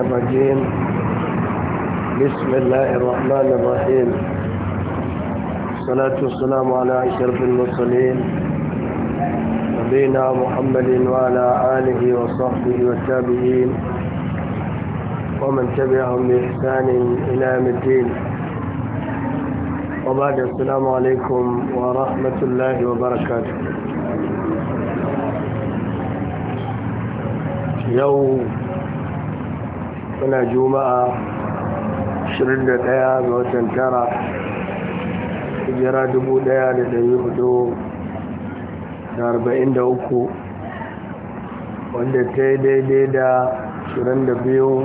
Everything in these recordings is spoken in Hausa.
الرجيم بسم الله الرحمن الرحيم الصلاة والسلام على أشرف المرسلين نبينا محمد وعلى آله وصحبه والتابعين ومن تبعهم بإحسان إلى يوم الدين وبعد السلام عليكم ورحمة الله وبركاته يوم muna juma'a 21 ga watan tara jira 1443 wanda ta yi daidai da 22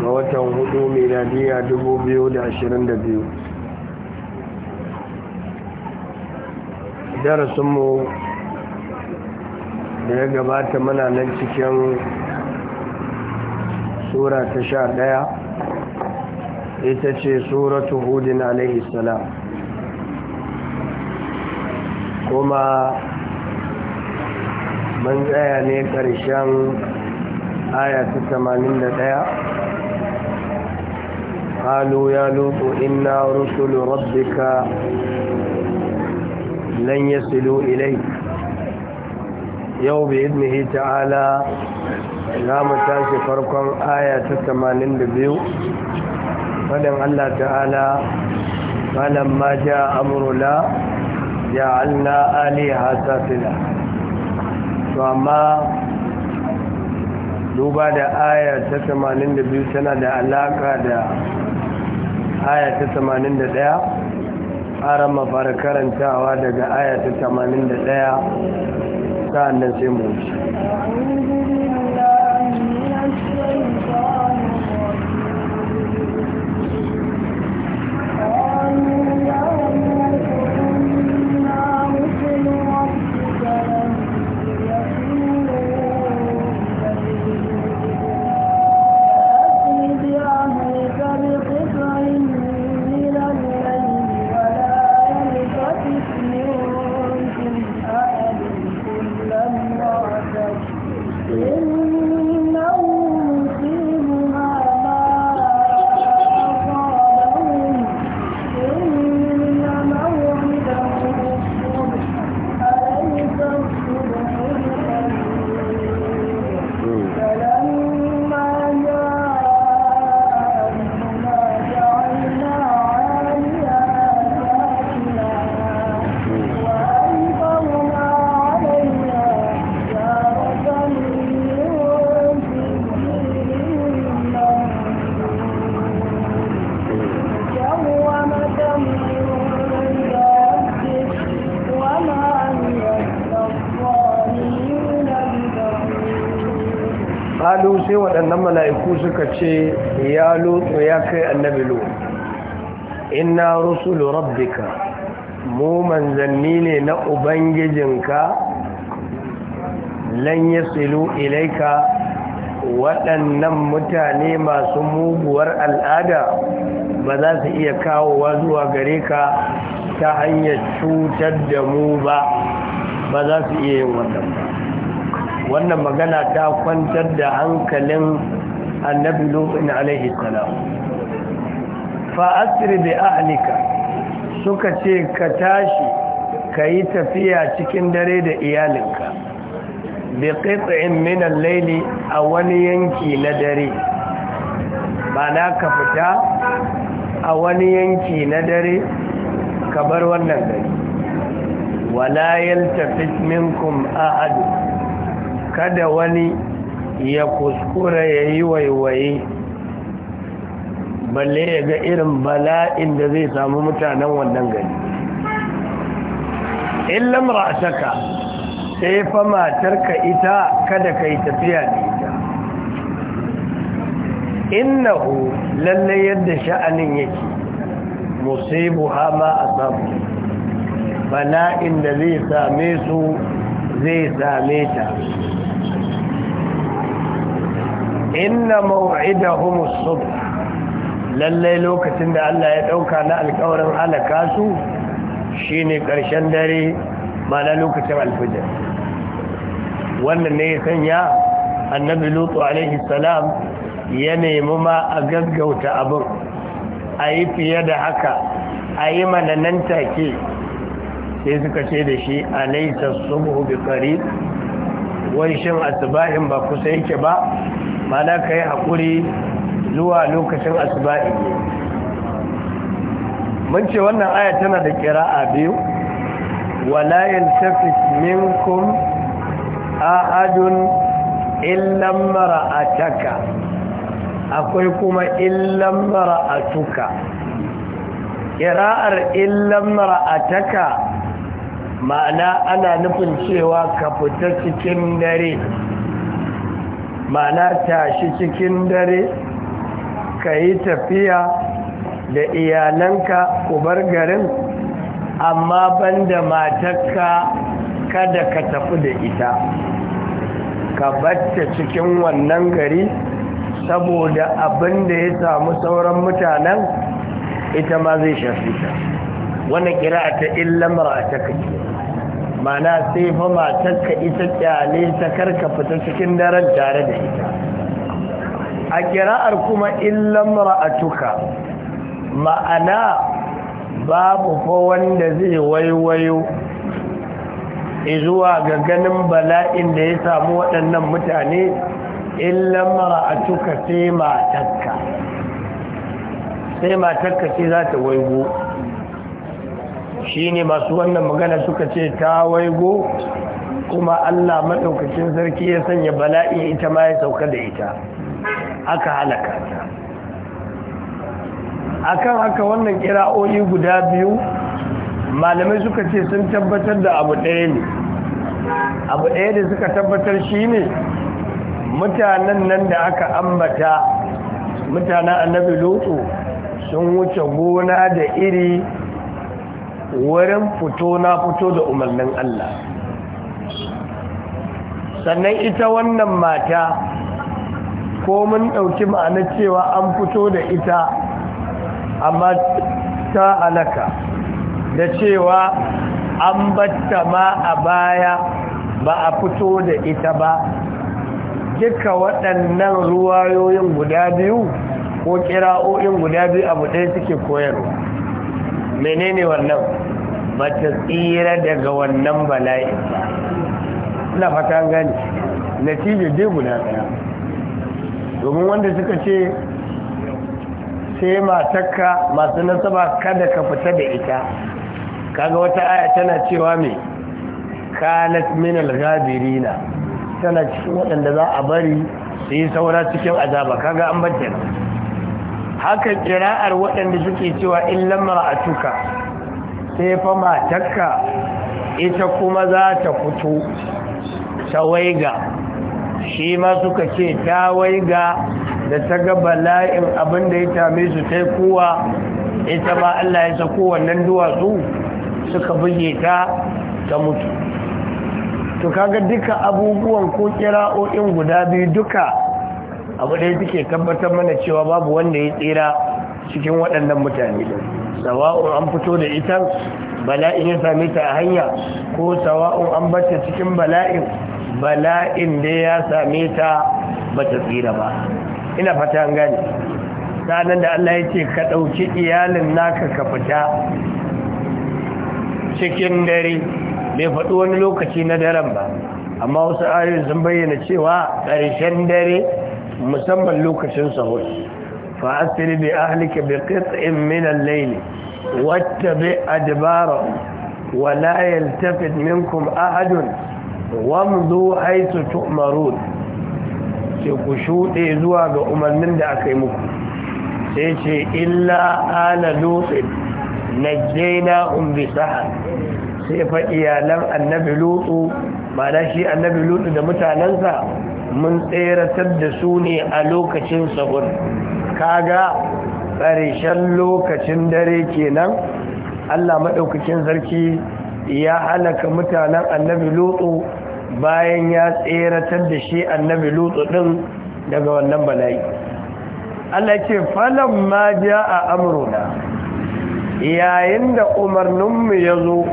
ga watan 4 miladiya 2022 darasinmu da ya gabata mana nan cikin sura ta sha ɗaya ita ce suratu hudin alaihi salam kuma mun tsaya ne ƙarshen aya ta tamanin da ɗaya. halu ya lupu inna rusulu rabbika lan yasilu ilai yau bi idnihi ta'ala za mu tashi farkon aya ta 82 fadin Allah ta'ala Malam ma ja ya alna aliha safila to amma duba da aya ta 82 tana da alaka da aya ta 81 ara mafara karantawa daga aya ta 81 sa'annan sai mu wuce ya lutsu ya kai annabi lu inna rusulu rabbika mu manzanni ne na ubangijinka lan yasilu ilaika waɗannan mutane masu muguwar al'ada ba za su iya kawowa zuwa gare ka ta hanyar cutar da mu ba ba za su iya yin wannan ba wannan magana ta kwantar da hankalin annabi lutsin alaihi salam fa'asiri da ahlika suka ce ka tashi ka yi tafiya cikin dare da iyalinka bi qit'in min al-layli a wani yanki na dare mana ka fita a wani yanki na dare ka bar wannan gari wala yaltafit minkum ahad kada wani ya kuskura ya yi waiwaye balle ya ga irin bala'in da zai samu mutanen wannan gari a ra'asaka sai fa matarka ita kada ka yi tafiya da ita innahu lallai yadda sha'anin yake musibu hama a samu bala'in da zai same su zai same ta inna maw'idahum as-subh lallai lokacin da Allah ya dauka na alƙawarin halaka su shine ƙarshen dare mana lokacin alfijir wannan ne ya sanya annabi lutu alaihi salam ya nemi ma a gaggauta abin a yi fiye da haka a yi mana nan take sai suka ce da shi alaisa subhu bi qarib wai shin asbahin ba kusa yake ba mana ka yi haƙuri zuwa lokacin asibari ne mun ce wannan aya tana da kira a biyu wala tafis minkum ahadun illan taka akwai kuma illan tuka ƙira'ar illan taka ma'ana ana nufin cewa ka fita cikin dare ma'ana tashi cikin dare ka yi tafiya da iyalanka ku bar garin amma ban da matakka kada ka tafi da ita ka batta cikin wannan gari saboda abin da ya samu sauran mutanen ita ma zai shafi ta wannan kira ta illamar a ta kake mana sai fa matarka ita kyale ta karka fita cikin daren tare da ita a kira'ar kuma illan ra'atuka ma'ana babu fa wanda zai waiwayo zuwa ga ganin bala'in da ya samu waɗannan mutane illan ra'atuka sai matarka sai matarka ce za ta waigo shine masu wannan magana suka ce ta waigo kuma Allah maɗaukacin sarki ya sanya bala'i ita ma ya sauka da ita aka halaka ta akan haka wannan kira'o'i guda biyu malamai suka ce sun tabbatar da abu ɗaya ne abu ɗaya da suka tabbatar shi ne mutanen nan da aka ambata mutanen annabi lutsu sun wuce gona da iri wurin fito na fito da umarnin Allah sannan ita wannan mata ko mun ɗauki ma'ana cewa an fito da ita amma ta alaka da cewa an batta ma a baya ba a fito da ita ba duka waɗannan ruwayoyin guda biyu ko kira'o'in guda biyu abu ɗaya suke koyarwa menene wannan ba ta tsira daga wannan bala'i na fata gani natijar dai guda daya domin wanda suka ce sai matakka masu nasaba kada ka fita da ita kaga wata aya tana cewa mai kanat min al tana cikin waɗanda za a bari su yi saura cikin azaba kaga an bace haka kira'ar waɗanda suke cewa in lamma a tuka sai fa takka, ita kuma za ta fito ta waiga shi ma suka ce ta waiga da ta ga bala'in abin da ya tame su ta kuwa ita ma Allah ya sako wannan duwatsu suka buge ta ta mutu to kaga duka abubuwan ko kira'o'in guda biyu duka abu da ya suke tabbatar mana cewa babu wanda ya tsira cikin waɗannan mutane da sawa'un an fito da ita bala'in ya same ta a hanya ko sawa'un an bata cikin bala'in bala'in da ya same ta bata tsira ba ina fata an gane sanan da Allah ya ce ka ɗauki iyalin naka ka fita cikin dare bai faɗi wani lokaci na daren ba amma wasu ayoyin sun bayyana cewa ƙarshen dare musamman lokacin sahur فأسر بأهلك بقطع من الليل واتبع أدباره ولا يلتفت منكم أحد وامضوا حيث تؤمرون سيكشوتي زواج أمر من دعكمكم سيشي إلا آل لوط نجيناهم بسحر سيفا إيالم النبي لوط ما نشي النبي لوط دمتا ننسى mun tseratar da su ne a lokacin sahur kaga ƙarshen lokacin dare kenan Allah maɗaukakin sarki ya halaka mutanen annabi lutsu bayan ya tseratar da shi annabi lutsu ɗin daga wannan bala'i Allah ce falon ma ja a amuruna yayin da umarninmu ya zo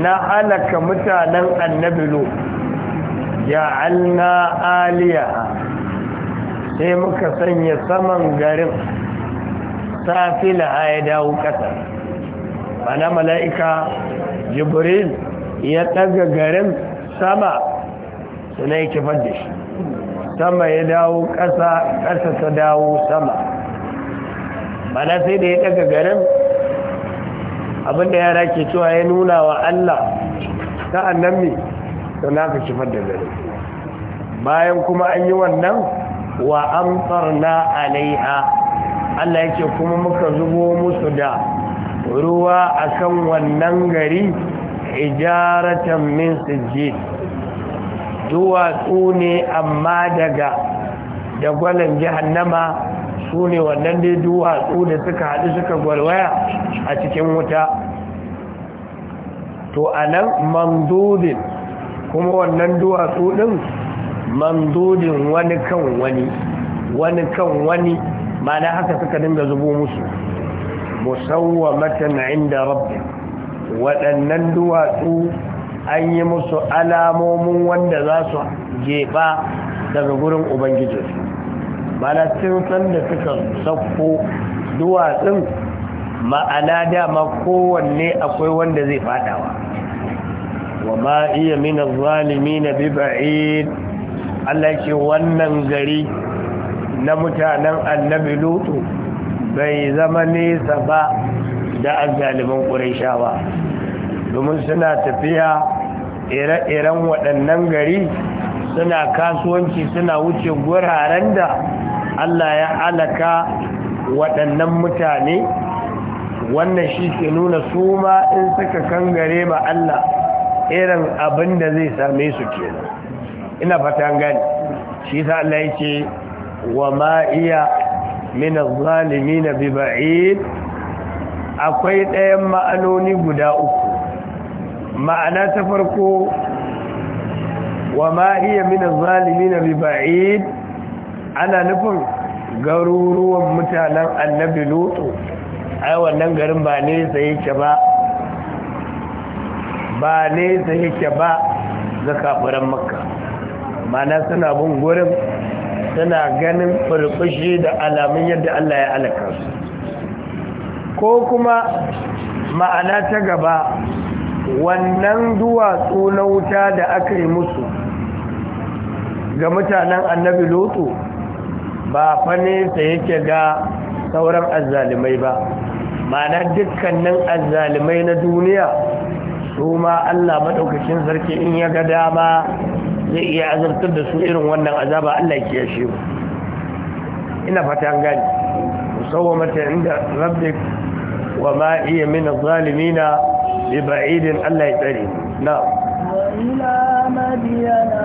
na halaka mutanen annabi lutsu na aliyaha sai muka sanya saman garin safila ya dawo ƙasa mana mala'ika jibril ya ɗaga garin sama suna yi kifar da shi sama ya dawo ƙasa ƙasa ta dawo sama mana sai da ya ɗaga garin abinda yara ke cewa ya nuna wa allah ta annan mi suna ka kifar da garin bayan kuma an yi wannan wa na, alaiha Allah yake kuma muka zubo musu da ruwa a kan wannan gari ijaratan min sijjid duwatsu ne amma daga dagwalon jihannama su ne wannan dai duwatsu da suka haɗu suka gwalwaya a cikin wuta to a nan mandudin kuma wannan duwatsu ɗin mamdudin wani kan wani wani kan wani ma na haka suka dinga zubo musu musawwamatan inda rabbi waɗannan duwatsu an yi musu alamomin wanda za su jeɓa daga gurin ubangijinsu mana san da suka sauko duwatsun ma'ana dama kowanne akwai wanda zai faɗawa. wa ma iya mina zalimi na biba'id Allah ce wannan gari na mutanen annabi lutu bai zama nesa ba da azaliman ƙuraisha ba domin suna tafiya ire-iren waɗannan gari suna kasuwanci suna wuce guraren da Allah ya alaka waɗannan mutane wannan shi ke nuna su ma in suka kangare ma Allah irin abin da zai same su kenan ina fata an shi sa Allah yake wa ma iya min az-zalimin bi ba'id akwai ɗayan ma'anoni guda uku ma'ana ta farko wa ma iya min az-zalimin bi ba'id ana nufin garuruwan mutanen annabi lutu ai wannan garin ba ne sai yake ba ba ne sai yake ba ga kafiran makka mana suna bin gurin suna ganin furfushi da alamun yadda Allah ya alaka su ko kuma ma'ana ta gaba wannan duwatsu na wuta da aka yi musu ga mutanen annabi lotu ba fa nesa yake ga sauran azzalimai ba ma'ana dukkanin azzalimai na duniya su Allah maɗaukacin sarki in ya ga dama zai iya azabtar da su irin wannan azaba Allah ya kiyashe mu ina fatan gani musawwamata inda rabbik wa ma iya min adh bi ba'idin Allah ya tsare na'am ila madiyana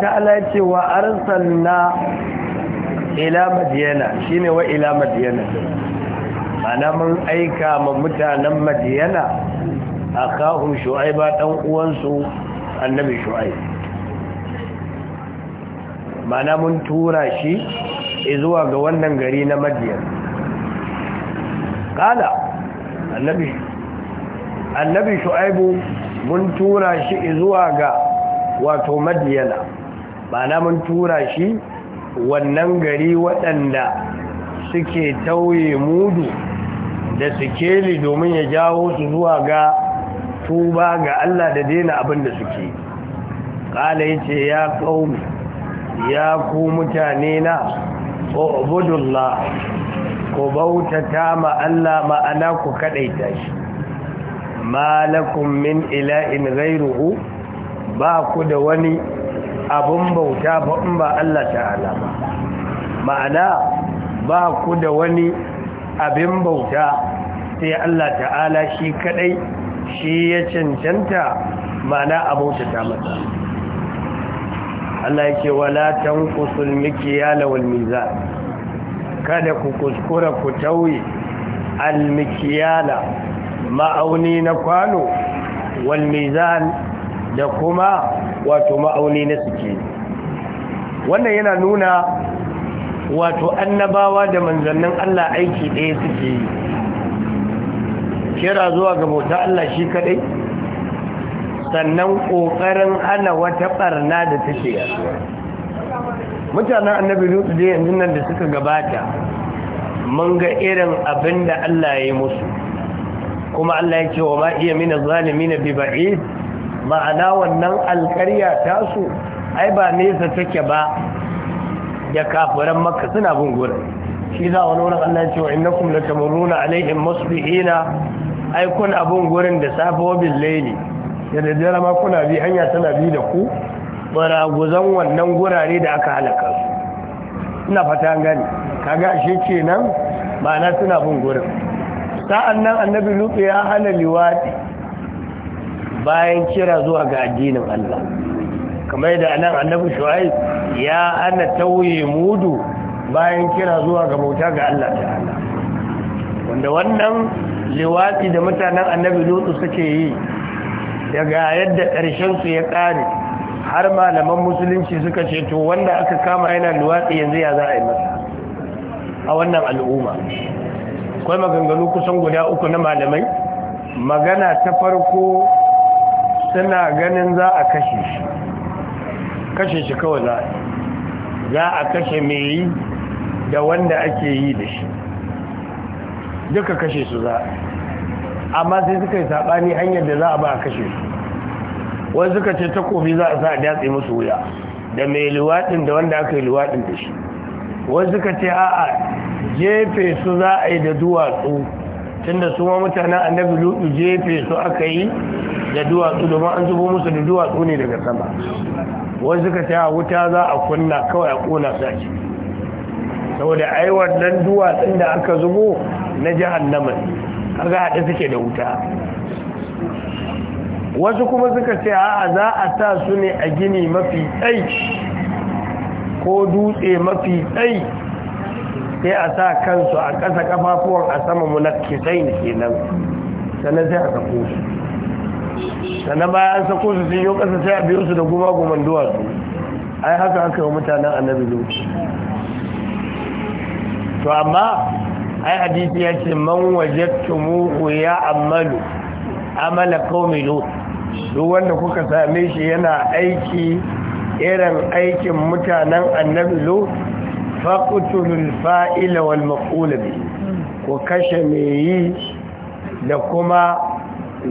ta'ala ya ce wa arsalna ila madiyana shine wa ila madiyana ana mun aika ma mutanen madiyana a akahum shu'aiba ɗan uwansu annabi shu'aib mana mun tura shi zuwa ga wannan gari na madiyan kala annabi shu'aibu mun tura shi zuwa ga wato madiyana ba na mun tura shi wannan gari waɗanda suke tauye mudu da sikeli domin ya jawo su zuwa ga tuba ga Allah da daina abin da suke ƙala ya ce ya ƙaumi ya ku mutane na ubudullah ku bautata ma Allah ma'ana ku kaɗaita shi malakun min ila'in ghairuhu ba ku da wani abun bauta ba in ba Allah ta'ala ba ma'ana ba ku da wani abin bauta sai Allah ta'ala shi kadai shi ya cancanta ma'ana abauta ta mata Allah yake wala tanqusul mikyala wal mizan kada ku kuskura ku tauye almikiyala ma'auni na kwano wal mizan da kuma wato ma'auni na suke wannan yana nuna wato annabawa da manzannin Allah aiki ɗaya suke yi kira zuwa ga bauta Allah shi kaɗai sannan ƙoƙarin hana wata ɓarna da take yasuwa mutanen annabi lutu da yanzu nan da suka gabata mun ga irin abin da Allah ya yi musu kuma Allah ya ce wa ma iya mina zalimi na bi ma'ana wannan ta tasu ai ba nesa take ba da kafiran makka suna bin gurin shi za wani wurin allah cewa innakum latamuruna alaihim musbihina ai kun abun gurin da safe wabin laili da daddare ma kuna bi hanya tana bi da ku guzan wannan gurare da aka halaka su ina fata gani kaga ce kenan ma'ana suna bin gurin sa'an nan annabi lutsu ya hana liwaɗi bayan kira zuwa ga addinin Allah kamar da nan annabi shu'aib ya ana tauye mudu bayan kira zuwa ga bauta ga Allah ta'ala wanda wannan liwati da mutanen annabi lutu suke yi daga yadda ƙarshen su ya ƙare har malaman musulunci suka ce to wanda aka kama yana liwati yanzu ya za a yi masa a wannan al'umma akwai maganganu kusan guda uku na malamai magana ta farko tana ganin za a kashe shi kashe shi kawai za za a kashe mai yi da wanda ake yi da shi duka kashe su za amma sai suka yi saɓani hanyar da za a ba a kashe su wani suka ce takobi za a sa a datse musu wuya da mai luwaɗin da wanda aka yi luwaɗin da shi wani suka ce a'a jefe su za a yi da duwatsu tunda su ma mutanen annabi lutu jefe su aka yi da duwatsu domin an zubo musu da duwatsu ne daga sama wani suka ta wuta za a kunna kawai a kona sashi saboda ai wannan duwatsun da aka zubo na jahannama kaga haɗe suke da wuta wasu kuma suka ce a za a sa su ne a gini mafi tsayi ko dutse mafi tsayi sai a sa kansu a ƙasa kafafuwan a sama ke kenan sannan sai a sako su sannan bayan an sako su sun yi ƙasa sai a biyo su da goma goman duwatsu ai haka haka yi mutanen annabi to amma ai hadisi ya ce man waje ya amalu amala qaumi lut duk wanda kuka same shi yana aiki irin aikin mutanen annabi lut faqtulul fa'ila wal maƙulabi ko kashe mai yi da kuma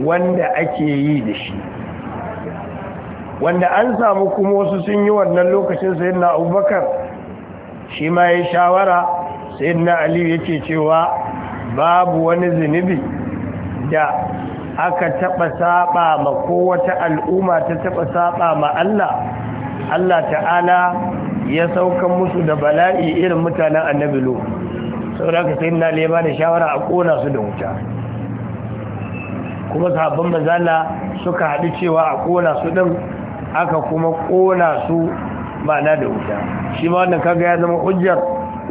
wanda ake yi da shi wanda an samu kuma wasu sun yi wannan lokacin sai na abubakar shi ma ya shawara sai na aliyu yake cewa babu wani zunubi da aka taɓa saba ma ko al'umma ta taɓa saba ma Allah Allah ta'ala ya saukan musu da bala'i irin mutanen annabi lo saboda ka sai na liya ba da shawara a ƙona su da wuta kuma sahabban manzala suka haɗu cewa a kona su ɗin aka kuma kona su ma'ana da wuta shi ma wannan kaga ya zama hujjar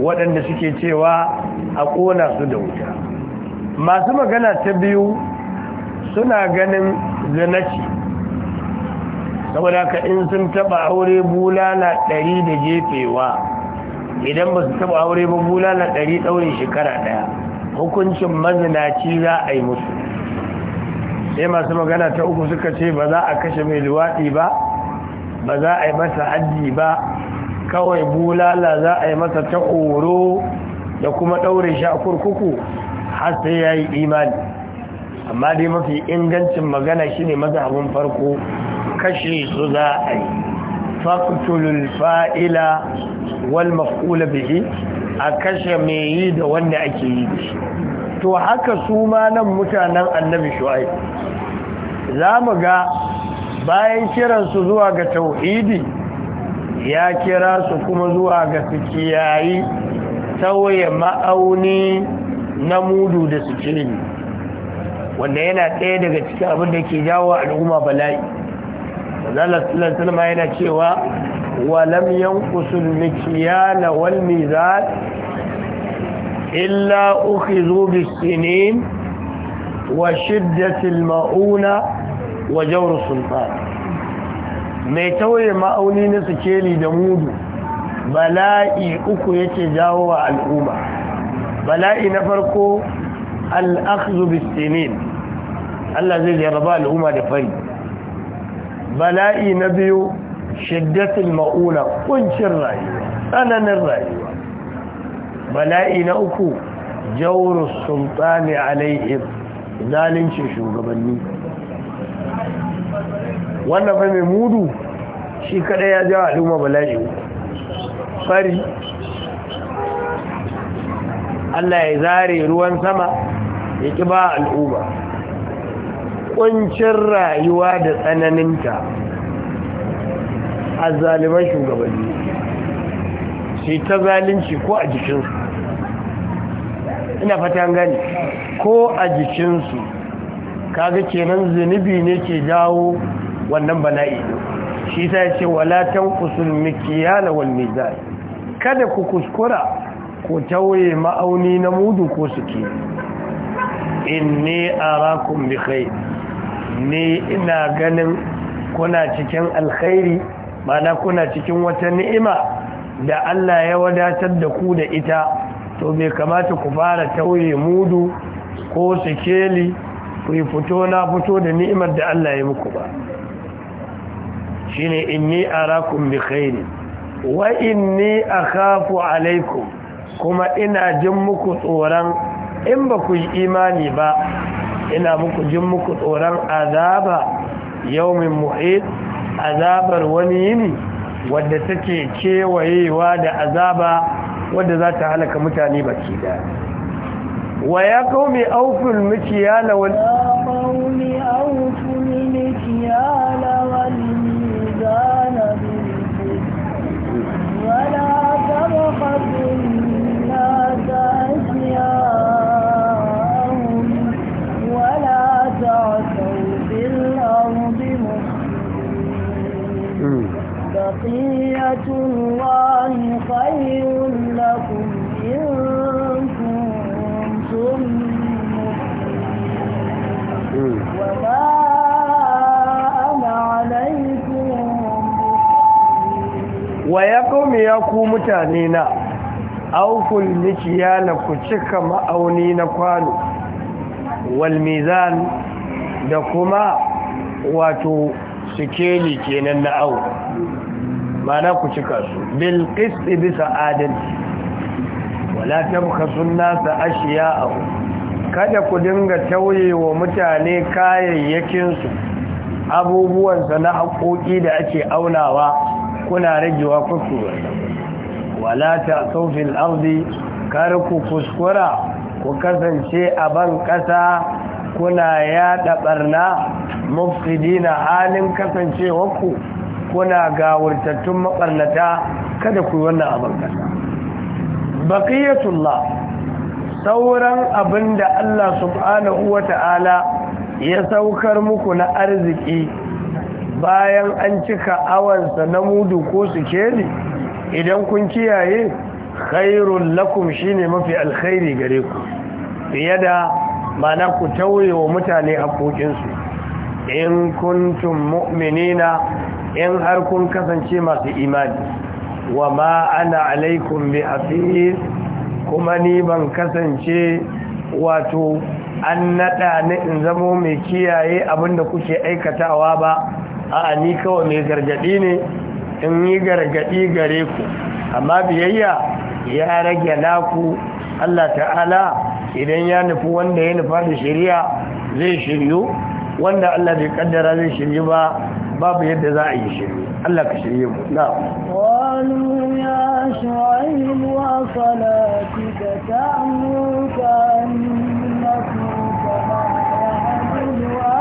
waɗanda suke cewa a kona su da wuta masu magana ta biyu suna ganin zanaci saboda ka in sun taɓa aure bulala ɗari da jefewa idan ba su taɓa aure ba bulala ɗari ɗaurin shekara ɗaya hukuncin mazinaci za a yi musu sai masu magana ta uku suka ce ba za a kashe mai luwaɗi ba ba za a yi masa hajji ba kawai bulala za a yi masa ta oro da kuma ɗaure shi a kurkuku har sai ya yi imani amma dai mafi ingancin magana shi ne mazhabin farko kashe su za a yi faktulul fa'ila wal maf'ula bihi a kashe mai yi da wanda ake yi da shi to haka su ma nan mutanen annabi shu'ai za mu ga bayan kiransu zuwa ga tauhidi ya kira su kuma zuwa ga su kiyayi ma'auni na mudu da su cirini wanda yana ɗaya daga cikin abin da ke jawo al'umma bala'i zalasalar salma yana cewa walam yankusul mikiyala wal za? illa ukhizu bisinin wa shiddatil ma'una wa jawr sultan mai tauye ma'auni na sikeli da mudu bala'i uku yake jawo wa al'umma bala'i na farko al'akhzu bisinin Allah zai jarraba al'umma da fari bala'i na biyu shiddatul ma'una kuncin rayuwa tsananin rayuwa bala'i na uku jaurus sultani alaihim zalincin shugabanni wannan fa mai mudu shi kada ya jawa al'umma bala'i fari Allah ya zare ruwan sama ya ƙi ba al'umma kuncin rayuwa da tsananinta a zaliman shugabanni shi ta zalunci ko a jikinsu ina fatan gani ko a jikinsu kaga kenan zunubi ne ke jawo wannan bala'i shi ta ce wala tanqusul mikyala wal mizan kada ku kuskura ko tauye ma'auni na mudu ko suke inni arakum bi khair ni ina ganin kuna cikin alkhairi mana kuna cikin wata ni'ima da Allah ya wadatar da ku da ita to bai kamata ku fara tauye mudu ko sikeli ku yi fito na fito da ni'imar da Allah ya muku ba shine inni a bi khairi wa inni kafu alaikum kuma ina jin muku tsoron in ba ku yi imani ba ina muku jin muku tsoron azaba yaumin muhit azabar wani yini wadda take kewayewa da azaba wanda za ta halaka mutane baki da wa ya qaumi auful mikiyala wal mizana bil qist wa la tabqasu بقية الله خير لكم إن كنتم مؤمنين وما أنا عليكم ويقوم يقوم متانينا أوفوا المكيال كتك مأونين كانوا والميزان دكما واتو sikeli kenan na awo mana ku cika su bil qisti bisa adalci wala tabkhasu an-nasa ashiya'ahu kada ku dinga tauye wa mutane kayayyakin su abubuwan sa na haƙoƙi da ake aunawa kuna ragewa kuku wala ta'tu fil ardi kar ku kuskura ku kasance a ban ƙasa kuna yaɗa ɓarna mufsidina halin kasancewarku kuna gawurtattun makarnata kada ku yi wannan abin kasa baqiyatullah sauran abin da Allah subhanahu wata'ala ya saukar muku na arziki bayan an cika awansa na mudu ko ni? idan kun kiyaye khairul lakum shine mafi alkhairi gare ku fiye da mana ku tauye wa mutane haƙoƙinsu in kuntum mu'minina in har kun kasance masu imani wa ma ana alaikum bi hafiz kuma ni ban kasance wato an nada ni in zamo mai kiyaye abinda kuke aikatawa ba a ni kawai mai gargadi ne in yi gargadi gare ku amma biyayya ya rage naku Allah ta'ala idan ya nufi wanda ya nufa da shari'a zai shiryu wanda Allah bai kaddara zai shiryu ba babu yadda za a yi shirye Allah ka shirye mu na qalu ya shu'aib wa salatika ta'muka annakum kama yahdu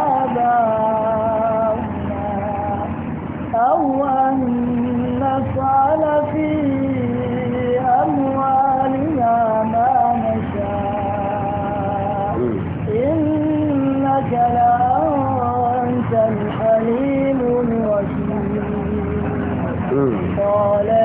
قال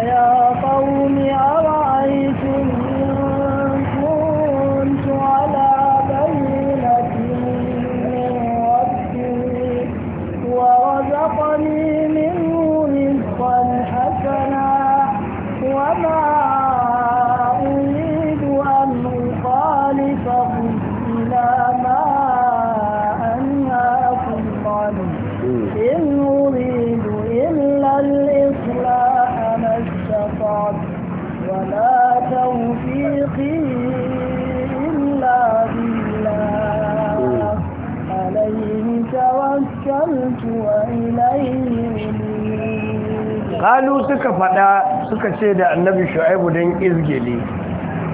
kalu suka fada suka ce da annabi shu'aibu don izgili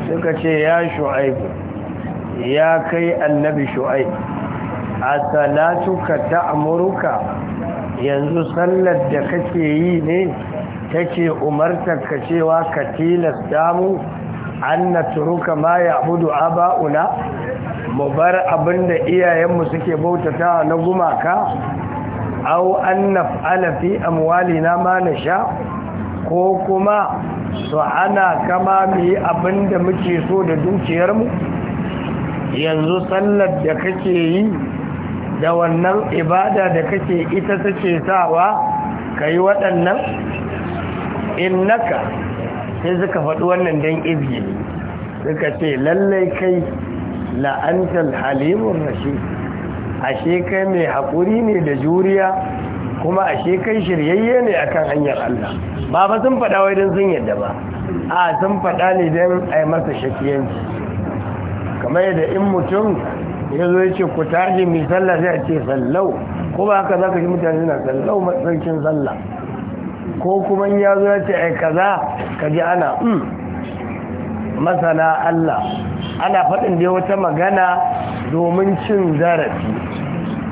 suka ce ya shu'aibu ya kai annabi shu'aibu a salatuka ta amurka yanzu sallar da kake yi ne take umartar ka cewa ka tilasta mu an na turuka ma ya abudu aba'una mu bar abinda iyayenmu suke bautata na gumaka au an naf'ala fi amwalina ma nasha ko kuma su ana kama mu yi abin da muke so da dukiyarmu yanzu sallar da kake yi da wannan ibada da kake ita take sawa ka yi waɗannan innaka sai suka faɗi wannan don izini suka ce lallai kai la'antar halimun rashid ashe kai mai haƙuri ne da juriya kuma ashe kai shiryayye ne akan hanyar Allah ba fa sun faɗa wai don sun yadda ba a sun faɗa ne don a yi masa shakiyanci kamar yadda in mutum ya zo ya ce ku tashi mai sallah zai ce sallau ko ba haka za ka ji mutane na sallau matsarkin sallah ko kuma ya zo ya ce ai kaza ka ji ana hmm, masana Allah ana faɗin da wata magana domin cin zarafi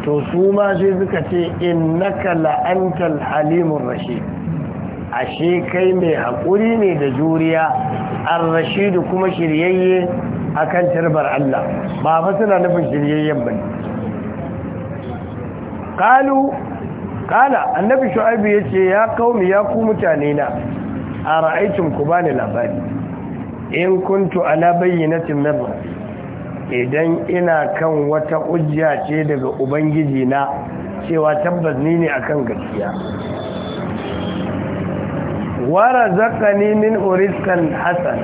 to su ma sai suka ce in innaka la'antal halimur rashe. ashe kai mai haƙuri ne da juriya an da kuma shiryayye kan tarbar Allah ba fa suna nufin shiryayyen ba ƙalu kala annabi shu'aibu ce ya ce ya ku mutane na a ra'aikin ku bani labari in kuntu ala bayyinatin min idan ina kan wata hujja ce daga ubangiji na cewa tabbas ni ne akan gaskiya wara zakani min uriskan hasan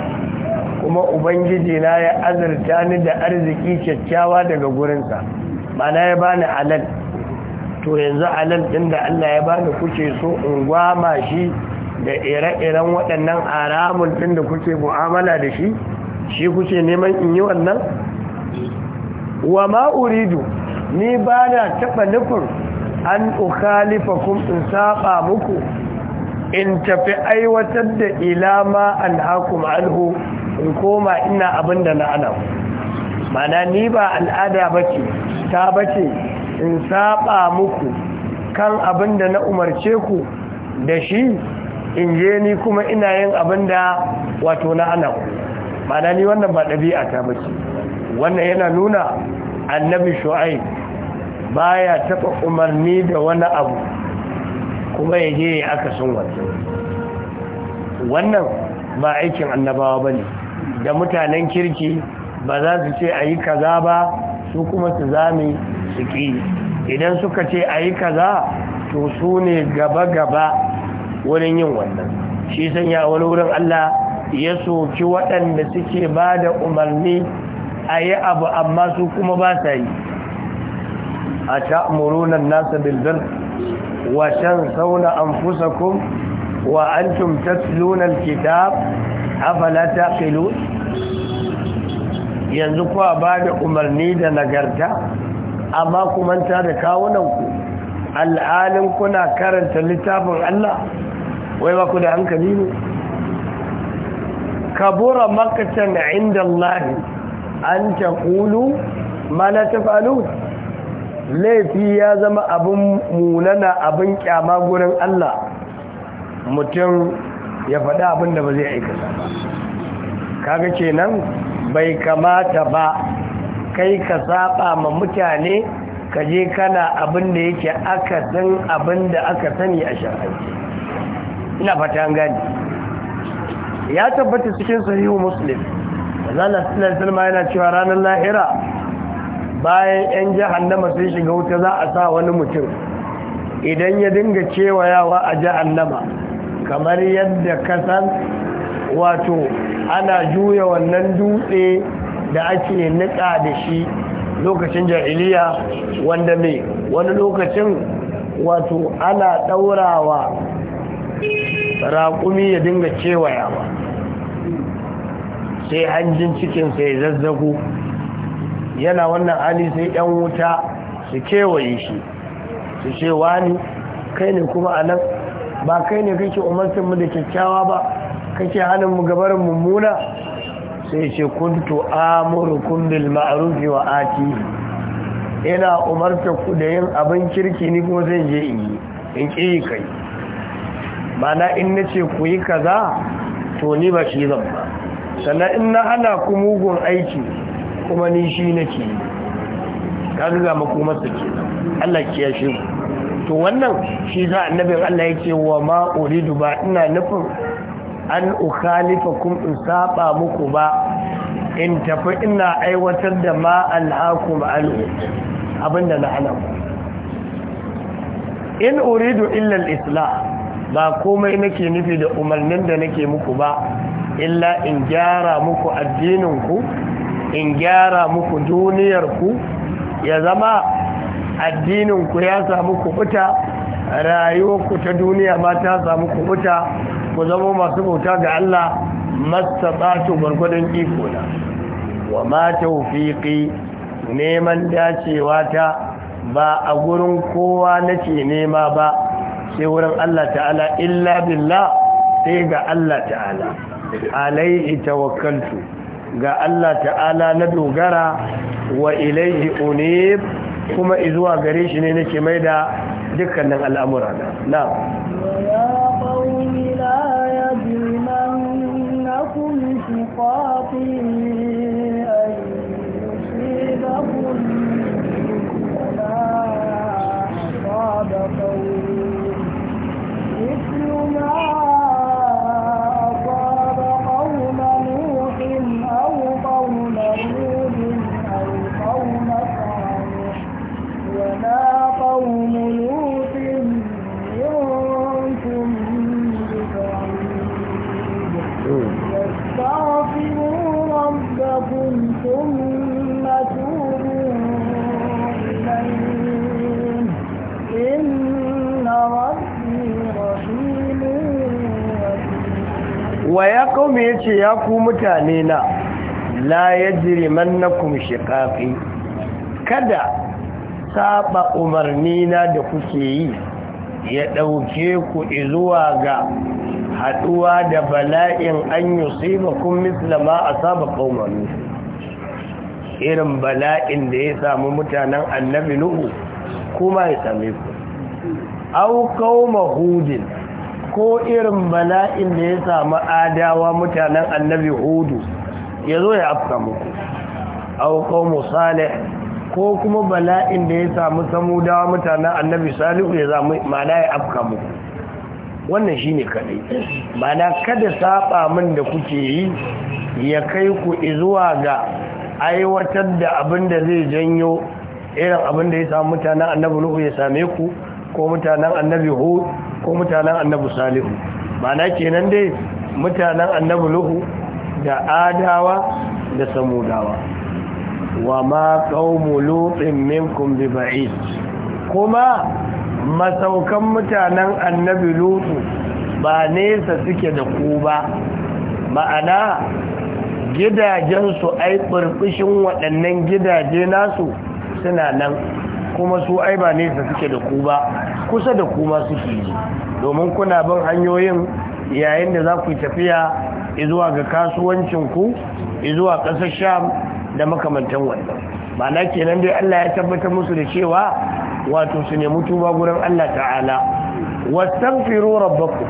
kuma ubangiji na ya azurta ni da arziki kyakkyawa daga gurinsa mana ya bani alal to yanzu alal din da Allah ya bani kuke so in gwama shi da ire-iren waɗannan aramun ɗin da kuke mu'amala da shi shi kuke neman in yi wannan wa ma'uridu ni ba na taɓa nufin an ukhalifa kun in saba muku in tafi aiwatar da ilama an alhu in koma ina abin da na mana ni ba al'ada bace ta bace in saɓa muku kan abin da na umarce ku da shi in je ni kuma ina yin abin da wato na ana mana ni wannan ba ɗabi'a ta bace wannan yana nuna annabi shu'aib baya taɓa umarni da wani abu kuma ya je ya aka sun wata wannan ba aikin annabawa ba ne da mutanen kirki ba za su ce a yi kaza ba su kuma su zame su ƙi idan suka ce a yi kaza to su ne gaba-gaba wurin yin wannan shi sanya wani wurin Allah ya soki waɗanda suke ba da umarni a yi abu amma su kuma ba sa yi a ta'amurunan nasa bilbir wa can sauna an fusa kun wa an tumta sunan kitab afala ta yanzu kuwa ba da umarni da nagarta amma kuma ta da kawunanku al'alin kuna karanta littafin Allah wai ba ku da hankali ne kabura makacin inda Allah an Kulu, ma ta taf'alun laifi ya zama abin munana abin kyama gurin Allah mutum ya faɗi abin da ba zai aikata ba kaga kenan bai kamata ba kai ka saba ma mutane ka je kana abin da yake akasin abin da aka sani a shahararci ina fata an gani ya tabbata cikin sahihu muslim zana sallallahu alaihi yana cewa ranar lahira bayan yan jahannama sun shiga wuta za a sa wani mutum idan ya dinga cewayawa a jahannama kamar yadda kasan wato ana juya wannan dutse da ake nika da shi lokacin jahiliya wanda mai wani lokacin wato ana daurawa raƙumi ya dinga ba sai hanjin cikinsa ya zazzago yana wannan hali sai ɗan wuta su kewaye shi su ce wani kai ne kuma a nan ba kai ne kake umarcinmu da kyakkyawa ba kake hannun mu gabarin mummuna sai ce kuntu Kun bil ma'arufi wa Ati. yana umarta ku da yin abin kirki ni kuma zai je in yi in ƙi kai mana in na ce ku yi kaza to ni ba shi zan ba sannan in na hana ku mugun aiki kuma ni shi na nake kaga ga makomarsa ke Allah ke ya shi to wannan shi za a nabin Allah ya ce wa ma uridu ba ina nufin an kun in saba muku ba in tafi ina aiwatar da ma alhakum al'u abinda na hana ku in uridu illa al-islah ba komai nake nufi da umarnin da nake muku ba illa in gyara muku addininku in gyara muku duniyarku ya zama addininku ya samu kubuta rayuwarku ta duniya ma ta samu kubuta ku zama masu bauta ga Allah tsato gwargwadon iko na wa ma tawfiqi neman dacewa ta ba a gurin kowa nake nema ba sai wurin Allah ta'ala illa billah sai ga Allah ta'ala alaihi tawakkaltu ga Allah ta'ala na dogara wa ilaihi unib kuma izuwa gare shi ne nake mai da dukkanin al'amura na na قوم Allah. wa ya kaume ya ce ya ku mutane na la ya jiriman na kumshi kada saɓa umarni na da kuke yi ya ɗauke ku izuwa ga haɗuwa da bala'in an yi siba kun mislama a saba ƙaunarni irin bala'in da ya samu mutanen annabi nuhu kuma ya same ku au kauma ko irin bala'in da ya samu adawa mutanen annabi hudu ya zo ya afka muku auko musale ko kuma bala'in da ya samu samudawa mutanen annabi salihu ya zama mana ya afka muku wannan shi ne kaɗai mana kada saba min da kuke yi ya kai ku zuwa ga aiwatar da abin da zai janyo irin abin da ya samu mutanen annabi nuhu ya same ku ko mutanen annabi hudu ko mutanen annabi salihu ma'ana kenan dai mutanen annabi Luhu da adawa da samudawa wa ma qaumu lutin minkum bi ba'id kuma masaukan mutanen annabi Luhu ba nesa suke da ku ba ma'ana gidajensu ai burbushin waɗannan gidaje nasu suna nan kuma su ai ba nesa suke da ku ba kusa da kuma suke yi domin kuna bin hanyoyin yayin da za ku tafiya zuwa ga kasuwancinku zuwa ƙasar sham da makamantan wannan ma'ana kenan dai Allah ya tabbatar musu da cewa wato su nemi tuba gurin Allah ta'ala wastaghfiru rabbakum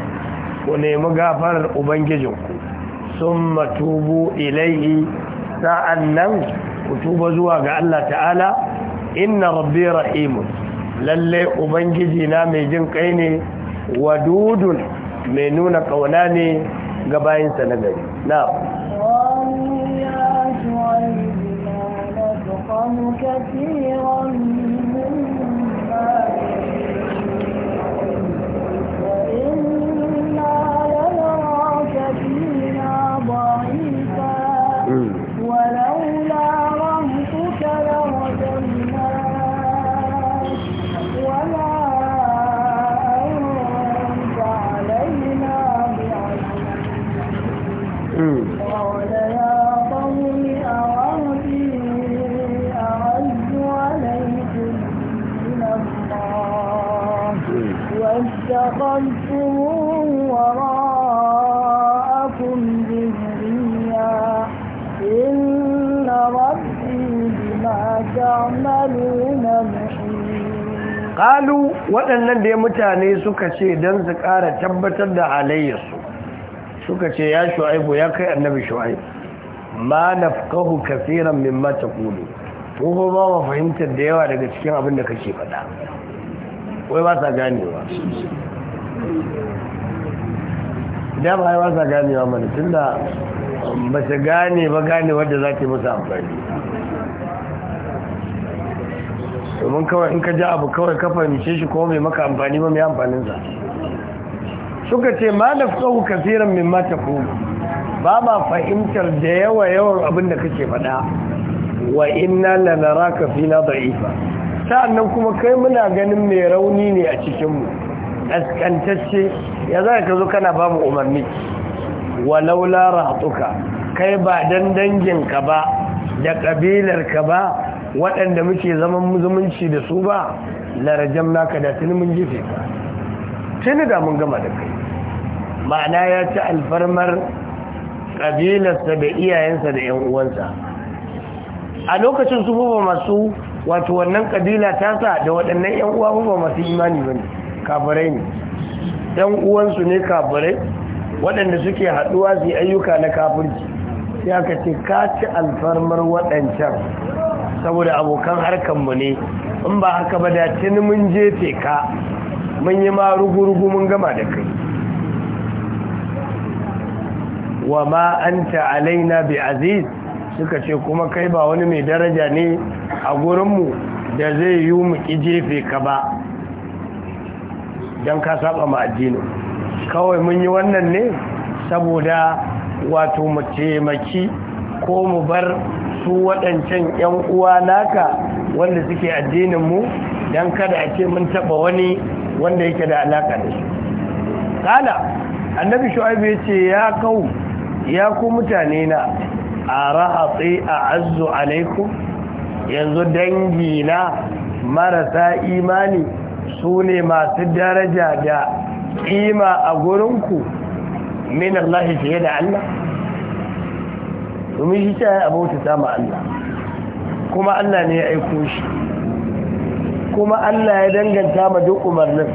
ku nemi gafarar ubangijinku summa tubu ilayhi sa'annan ku tuba zuwa ga Allah ta'ala inna rabbi rahimun lalle ubangiji na mai jin kai ne wadudun mai nuna kauna ne ga bayansa na gari na ƙalu waɗannan ya mutane suka ce don su ƙara tabbatar da halayyarsu suka ce ya shu'aibu ya kai annabi shu'aibu ma nafkahu kafiran mimma taqulu ko ba ma fahimtar da yawa daga cikin abin da kake faɗa wai ba sa ganewa da ba ba sa ganewa mana tunda ba ta gane ba gane wadda za ta yi musu amfani domin kawai in ka ji abu kawai ka fahimce shi ko mai maka amfani ba mai amfaninsa suka ce ma na tsohu kafiran min mata ku ba ma fahimtar da yawa yawan abin da kake faɗa wa inna la naraka na da'ifa sa'annan kuma kai muna ganin mai rauni ne a cikin mu askantacce ya za ka zo kana ba mu umarni walau la rahatuka kai ba dan danginka ba da ka ba waɗanda muke zaman zumunci da su ba larajen naka da tuni mun jife tuni da mun gama da kai ma'ana ya ci alfarmar ƙabilarsa da iyayensa da 'yan uwansa a lokacin su ba masu wato wannan ƙabila tasa da waɗannan 'yan uwa ba masu imani ba ne kafirai ne 'yan uwansu ne kafirai waɗanda suke haɗuwa su ayyuka na kafirci ya ka ce ka ci alfarmar waɗancan saboda abokan mu ne in ba haka ba da tuni mun jefe ka mun yi ma rugurugu mun gama da kai wa ma anta alaina bi aziz suka ce kuma kai ba wani mai daraja ne a gurin mu da zai yi mu ki jefe ka ba don ka saba ma addini, kawai mun yi wannan ne saboda wato mu taimaki ko mu bar su waɗancan 'yan uwa naka wanda suke addininmu don kada a ce mun taɓa wani wanda yake da alaƙa da shi kala annabi shu'aibu ya ce ya kau ya ku mutane na a rahatsi a azu alaikum yanzu dangi na marasa imani su ne masu daraja da ƙima a gurinku min Allah fiye da Allah domin shi ta abota sama Allah kuma Allah ne ya aiko shi kuma Allah ya danganta ma duk umarnin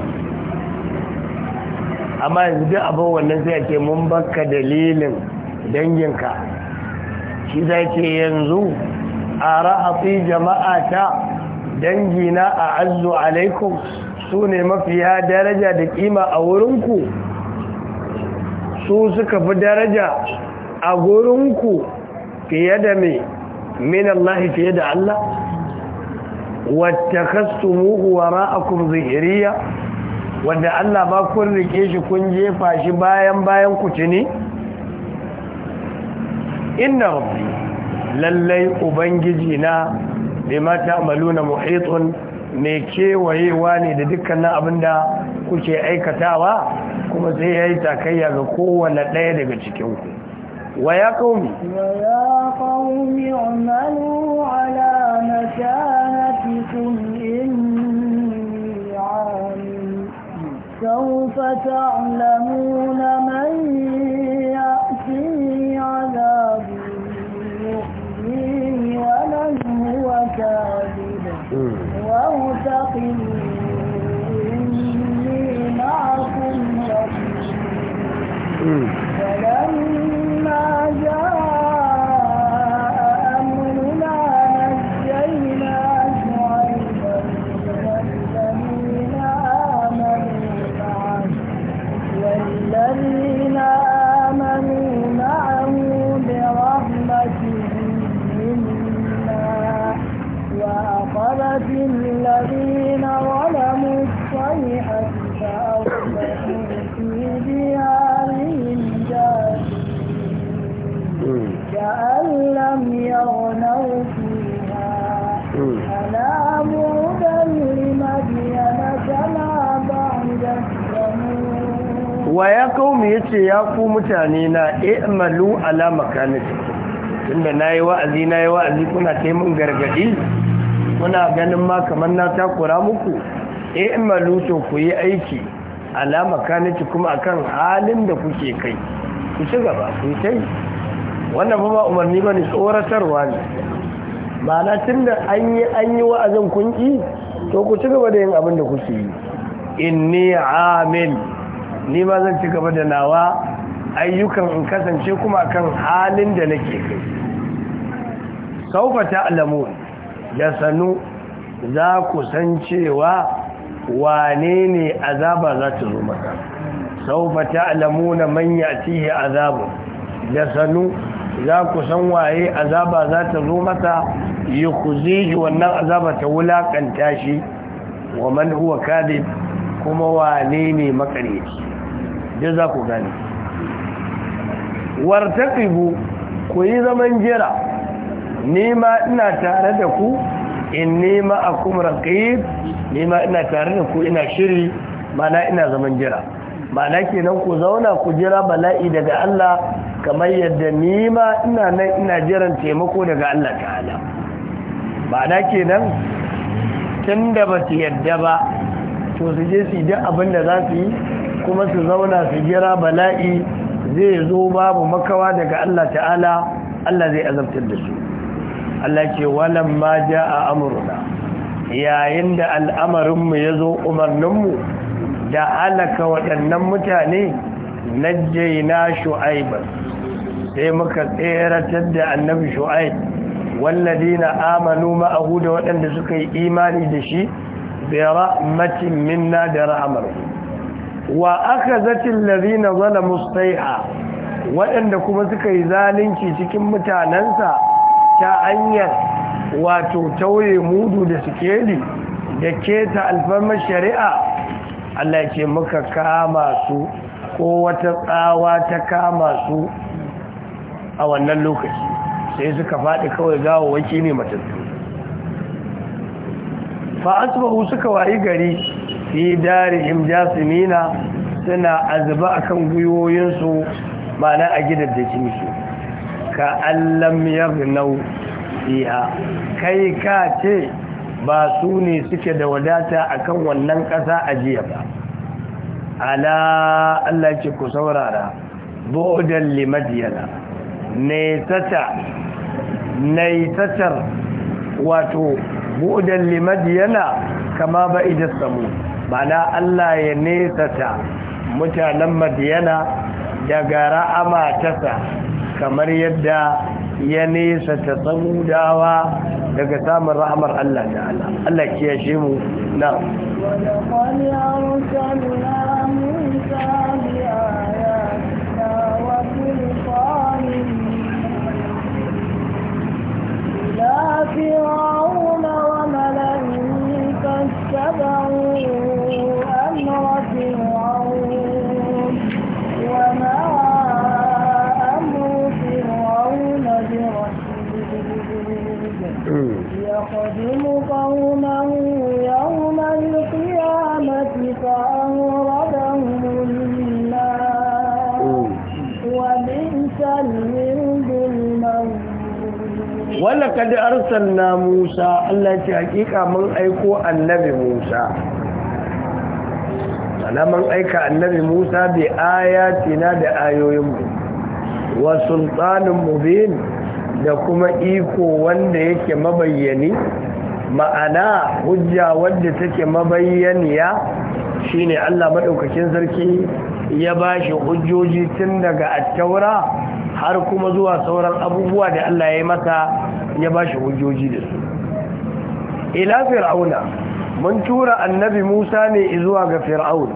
amma yanzu duk abin wannan sai ake mun baka dalilin danginka shi za ke yanzu a rahatsi jama'a ta dangina a azu alaikum su ne mafiya daraja da kima a wurinku su suka fi daraja a gurinku fiye da mai min Allah fiye da Allah wata kastumuhu wa ra'akum zihiriya wanda Allah ba kun rike shi kun jefa shi bayan bayan ku inna rabbi lallai ubangiji na bima ta'maluna muhitun mai kewayewa ne da dukkanin abinda kuke aikatawa kuma sai ya yi takayya ga kowane ɗaya daga cikinku ويقوم ويا قوم اعملوا على مكانتكم إني عامل سوف تعلمون من يأتي عذاب يؤذيه ومن هو كاذب وارتقب إني معكم رقيب فلما Raja anhu ya ce ya ku mutane na i'malu ala makanati tunda na yi wa'azi na yi wa'azi kuna taimun gargadi kuna ganin ma kamar na takura muku i'malu to ku yi aiki ala makanati kuma akan halin da kuke kai ku ci gaba ku yi tai wannan ba umarni ba ne tsoratarwa ne ba na tunda an yi wa'azin kun to ku ci gaba da yin abin da kuke yi inni amin ni ma zan ci gaba da nawa ayyukan in kasance kuma akan halin da nake kai saufa ta'lamun da sanu za ku san cewa wane ne azaba za ta zo maka saufa ta'lamuna man ya'tihi azabun da sanu za ku san waye azaba za ta zo masa yi ku wannan azaba ta wulakanta shi wa man huwa kadib kuma wane ne makareci dai za ku war wartaqibu ku yi zaman jira nima ina tare da ku in nima akum raqib nima ina tare da ku ina shiri mana ina zaman jira mana kenan ku zauna ku jira bala'i daga Allah kamar yadda nima ina nan ina jiran taimako daga Allah ta'ala mana kenan tunda ba su yadda ba to su je su yi duk abin da za su yi kuma su zauna su jira bala'i zai zo babu makawa daga Allah ta'ala Allah zai azabtar da su Allah ke walan ma a amruna yayin da al'amarinmu ya yazo umarninmu da alaka waɗannan mutane Jaina shu'aiban sai muka tseratar da annabi shu'aib walladina amanu ma'ahu da waɗanda suka yi imani da shi bi rahmatin minna da rahmatihi wa aka akhazatil ladina zalamu musai'a waɗanda kuma suka yi zalunci cikin mutanensa ta hanyar wato tauye mudu da sikeli da keta alfarmar shari'a Allah ce muka kama su ko wata tsawa ta kama su a wannan lokaci sai suka faɗi kawai gawo waki ne matattu fa suka wayi gari fi darihim jasimina suna azaba akan gwiwoyinsu mana a gidaddakin su ka allam yaghnau iya kai ka ce ba su ne suke da wadata akan wannan ƙasa ajiya ba ala Allah ce ku saurara bodan limadiyana naitata naitatar wato bodan limadiyana kama ba idan samu mana Allah ya nesa ta mutanen madiyana daga ra'ama tasa kamar yadda ya nesa nesata samudawa daga samun rahamar Allah ta'ala Allah yashe mu na Yeah. اتبعوا wanda kada na musa allah ce hakika mun aiko annabi musa ana mun aika annabi musa bi ayatina da ayoyinmu wa sultanin mubin da kuma iko wanda yake mabayyani ma'ana hujja wanda take mabayyaniya shine allah maɗaukakin sarki ya ba shi hujjoji tun daga attaura har kuma zuwa sauran abubuwa da Allah ya yi masa ya ba shi hujjoji da su ila fir'auna mun tura annabi musa ne zuwa ga fir'auna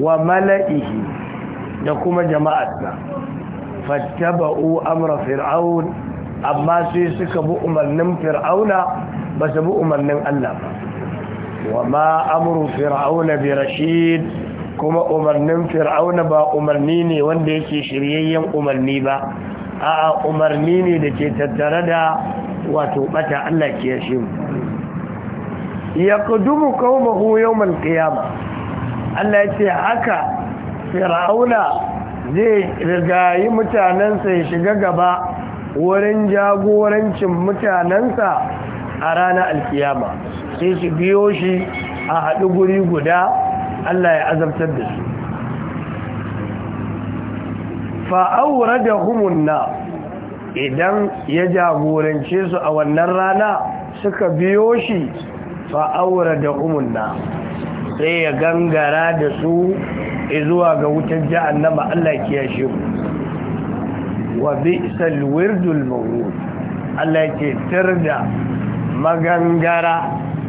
wa mala'ihi da kuma jama'atna Fataba'u amra fir'aun amma sai suka bi umarnin fir'auna ba su bi umarnin Allah ba wa ma amru fir'auna bi rashid kuma umarnin fir'auna ba umarni ne wanda yake shiryayyen umarni ba a'a umarni ne da ke tattare da wato bata Allah ke shi ya kudumu qaumahu yawmal qiyama Allah ya ce haka fir'auna zai rigayi mutanensa ya shiga gaba wurin jagorancin mutanensa a ranar alkiyama sai su biyo shi a haɗu guri guda Allah ya azabtar da su fa'aura da humunna idan ya jagorance su a wannan rana suka biyo shi fa'aura da humunna sai ya gangara da su zuwa ga wutar na Allah kiyashe shi wa bi wirdul mawrud Allah ke da magangara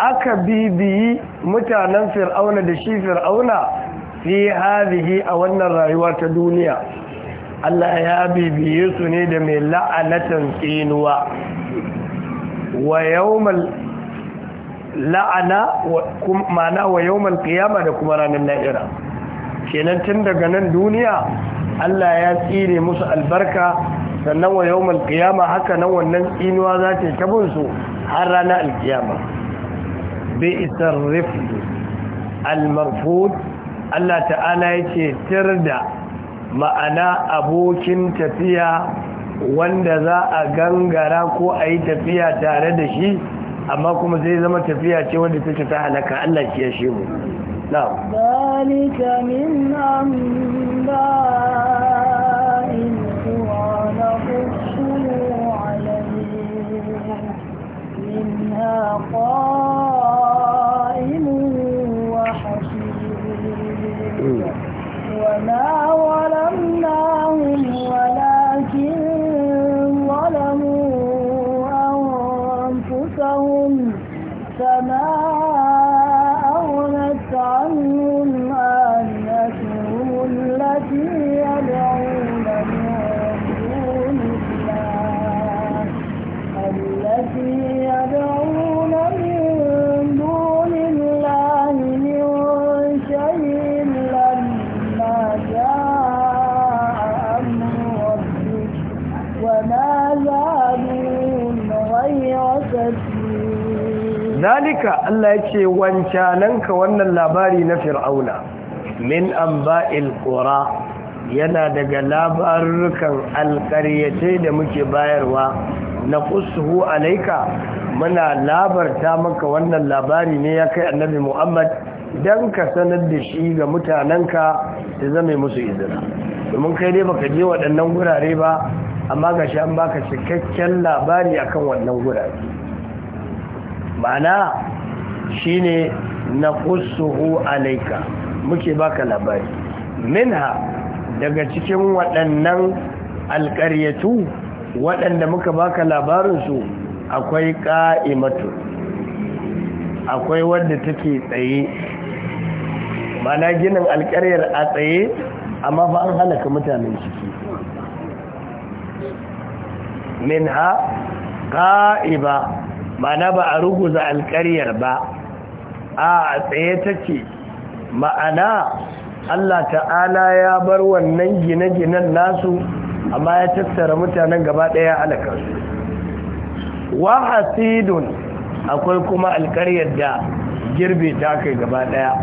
aka bibiyi mutanen fir'auna da shi fir'auna fi hadhihi a wannan rayuwa ta duniya Allah ya bibiye su ne da mai la'anatan tsinuwa wa yawmal la'ana kuma mana wa yawmal qiyama da kuma ranar lahira kenan tun daga nan duniya Allah ya tsire musu albarka sannan wa yawmal qiyama haka nan wannan tsinuwa za ta tabun su har ranar alkiyama بئس الرفد allah ta'ala تعالى يتي da ma'ana abokin tafiya wanda za a gangara ko a yi tafiya tare da shi amma kuma zai zama tafiya ce wanda take ta halaka Allah shi mu na'am zalika wa أسمعنا ولم zalika Allah ya ce wancananka wannan labari na fir'auna min amba'il kura yana daga labarukan alƙaryace da muke bayarwa na qushu alaika muna labarta maka wannan labari ne ya kai annabi Muhammad dan ka sanar da shi ga mutanenka da zame musu izina domin kai dai baka je waɗannan gurare ba amma ga shi an baka cikakken labari akan wannan gurare ma'ana shine na kusuhu alaika muke baka labari minha daga cikin waɗannan alƙaryatu waɗanda muka baka labarinsu akwai ƙa'imatu akwai wadda take tsaye mana ginin alƙaryar a tsaye amma ba an halaka mutanen ciki minha ƙa'iba ma'ana ba a ruguza alƙaryar ba a tsaye take ma'ana Allah ta'ala ya bar wannan gine-ginen nasu amma ya tattara mutanen gaba ɗaya alakarsu wa hasidun akwai kuma alƙaryar da girbe ta kai gaba ɗaya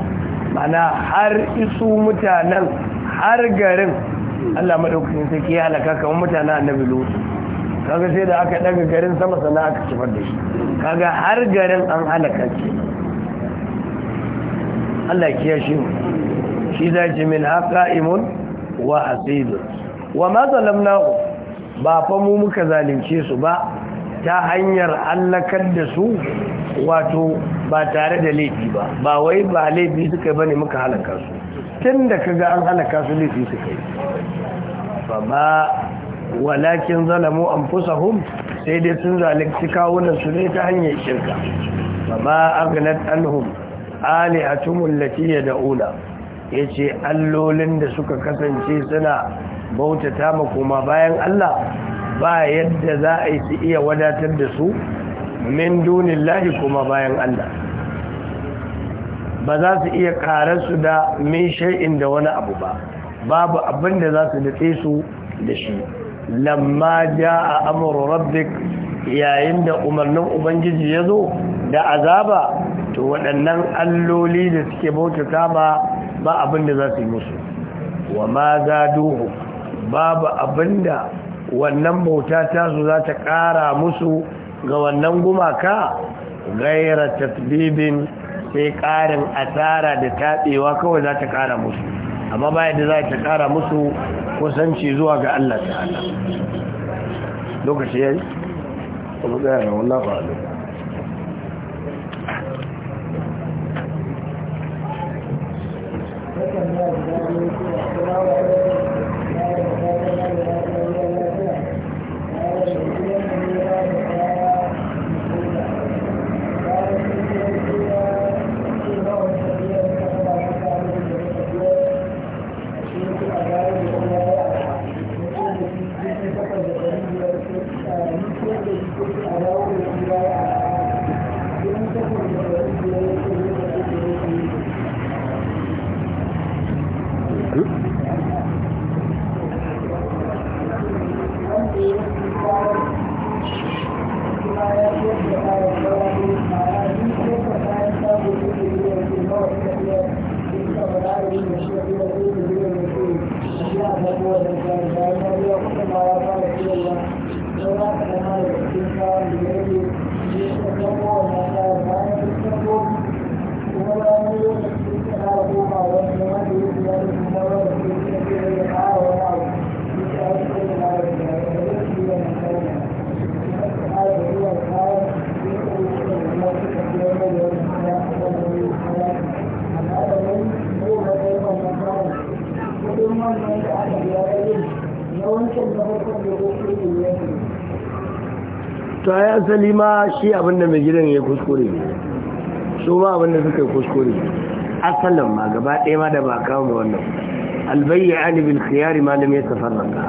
mana har isu mutanen har garin Allah maɗaukacin sarki ya halaka kamar mutanen annabi lutu kaga sai da aka daga garin sama sana aka kifar da shi kaga har garin an halaka ce Allah ya kiyashe mu shi da ce min haqa'imun wa asidun wa ma zalamnahu ba fa mu muka zalunce su ba ta hanyar halakar da su wato ba tare da laifi ba ba wai ba laifi suka bane muka halaka su Tunda kaga an halaka su laifi suka yi ba walakin zalamu anfusahum sai dai sun zalunci kawunan su ne ta hanyar shirka ba aghnat anhum alihatuhum allati yad'una yace allolin da suka kasance suna bautata ma kuma bayan Allah ba yadda za a yi iya wadatar da su min dunillahi kuma bayan Allah ba za su iya karar su da min shay'in da wani abu ba babu abin da za su dace su da shi lamma ja a amuru rabbik yayin da umarnin ubangiji ya zo da azaba to waɗannan alloli da suke bautata ba ba abin da za su yi musu wa ma za duhu babu abin da wannan bauta su za ta ƙara musu ga wannan gumaka gaira tasbibin sai ƙarin asara da taɓewa kawai za ta ƙara musu amma bayan da za ta kara musu kusanci zuwa ga Allah hana lokaci yayi kuma ga yana wallahi ba'alu Thank you. to ya asali ma shi abinda mai gidan ya kuskure su ma abinda suka kuskure asalin ma gaba ɗaya ma da ba kawo da wannan albayya ani bil khiyari ma lam yatafarraqa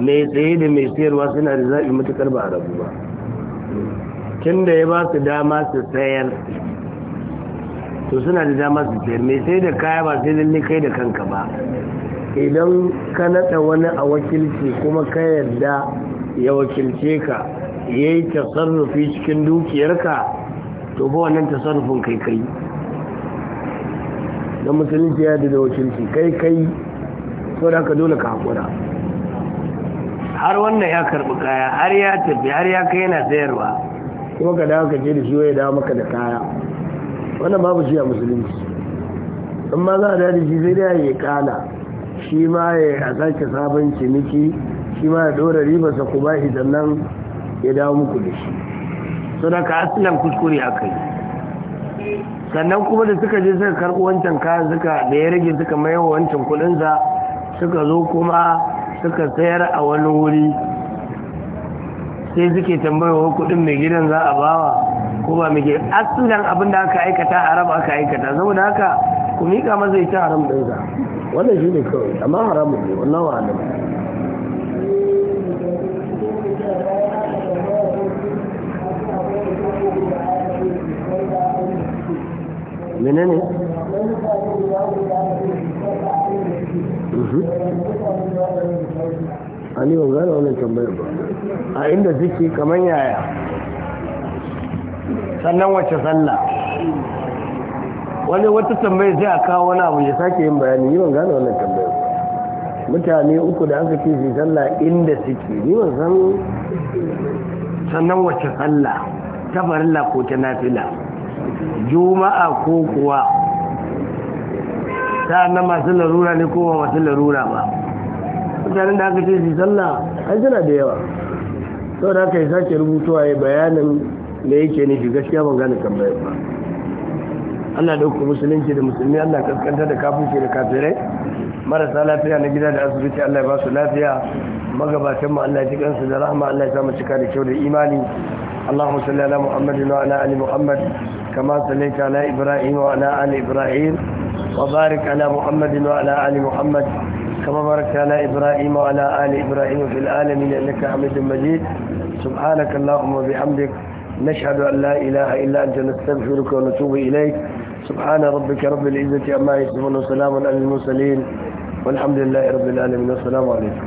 mai tsaye da mai sayarwa suna da zaɓi matukar ba a rabu ba tunda ya ba su dama su sayar to suna da dama su sayar mai sai da kaya ba sai lalle kai da kanka ba idan ka naɗa wani a wakilci kuma ka yarda ya wakilce ka ya yi tasarrufi cikin dukiyarka to ba wannan tasarrufin kai kai don musulunci ya da wacinci kai kai so da ka dole ka haƙura har wannan ya karɓi kaya har ya tafi har ya kai yana sayarwa kuma ka dawo ka ce da shi ya dawo maka da kaya wannan babu shi a musulunci in ma za a da shi sai da ya kala shi ma ya a sake sabon ciniki shi ma ya ɗora ribarsa ku ba idan nan ya dawo muku da shi so da ka asilan kuskure aka yi sannan kuma da suka je suka karɓi wancan kayan suka da ya rage suka mai wancan kuɗinsa suka zo kuma suka sayar a wani wuri sai suke tambayowa kuɗin mai gidan za a bawa ko ba mai gidan asilan abin da aka aikata haram aka aikata saboda haka ku miƙa masa ya ci haram ɗinsa wannan shi ne kawai amma haramun ne wannan wa menene mhm. Ali ban gane wannan tambayar ba a inda suke kamar yaya sannan wacce sallah wani wata tambayar sai a kawo wani abu ya sake yin bayani ni ban gane wannan tambayar mutane uku da aka kifi su sallah inda suke ni ban san sannan wacce sallah ta farilla ko ta nafila juma'a ko kuwa ta na masu larura ne ko masu larura ba mutanen da aka ce su sallah an suna da yawa sau da aka yi sake rubutuwa ya bayanin da yake nufi gaskiya ban gane tambayar ba Allah da uku musulunci da musulmi Allah kaskanta da kafuci da kafirai marasa lafiya na gida da asibiti Allah ya ba su lafiya magabatan mu Allah ya ji kansu da rahama Allah ya samu cika da kyau da imani اللهم صل على محمد وعلى آل محمد كما صليت على إبراهيم وعلى آل إبراهيم وبارك على محمد وعلى آل محمد كما باركت على إبراهيم وعلى آل إبراهيم في العالمين إنك حميد مجيد سبحانك اللهم وبحمدك نشهد أن لا إله إلا أنت نستغفرك ونتوب إليك سبحان ربك رب العزة عما يصفون وسلام على المرسلين والحمد لله رب العالمين والسلام عليكم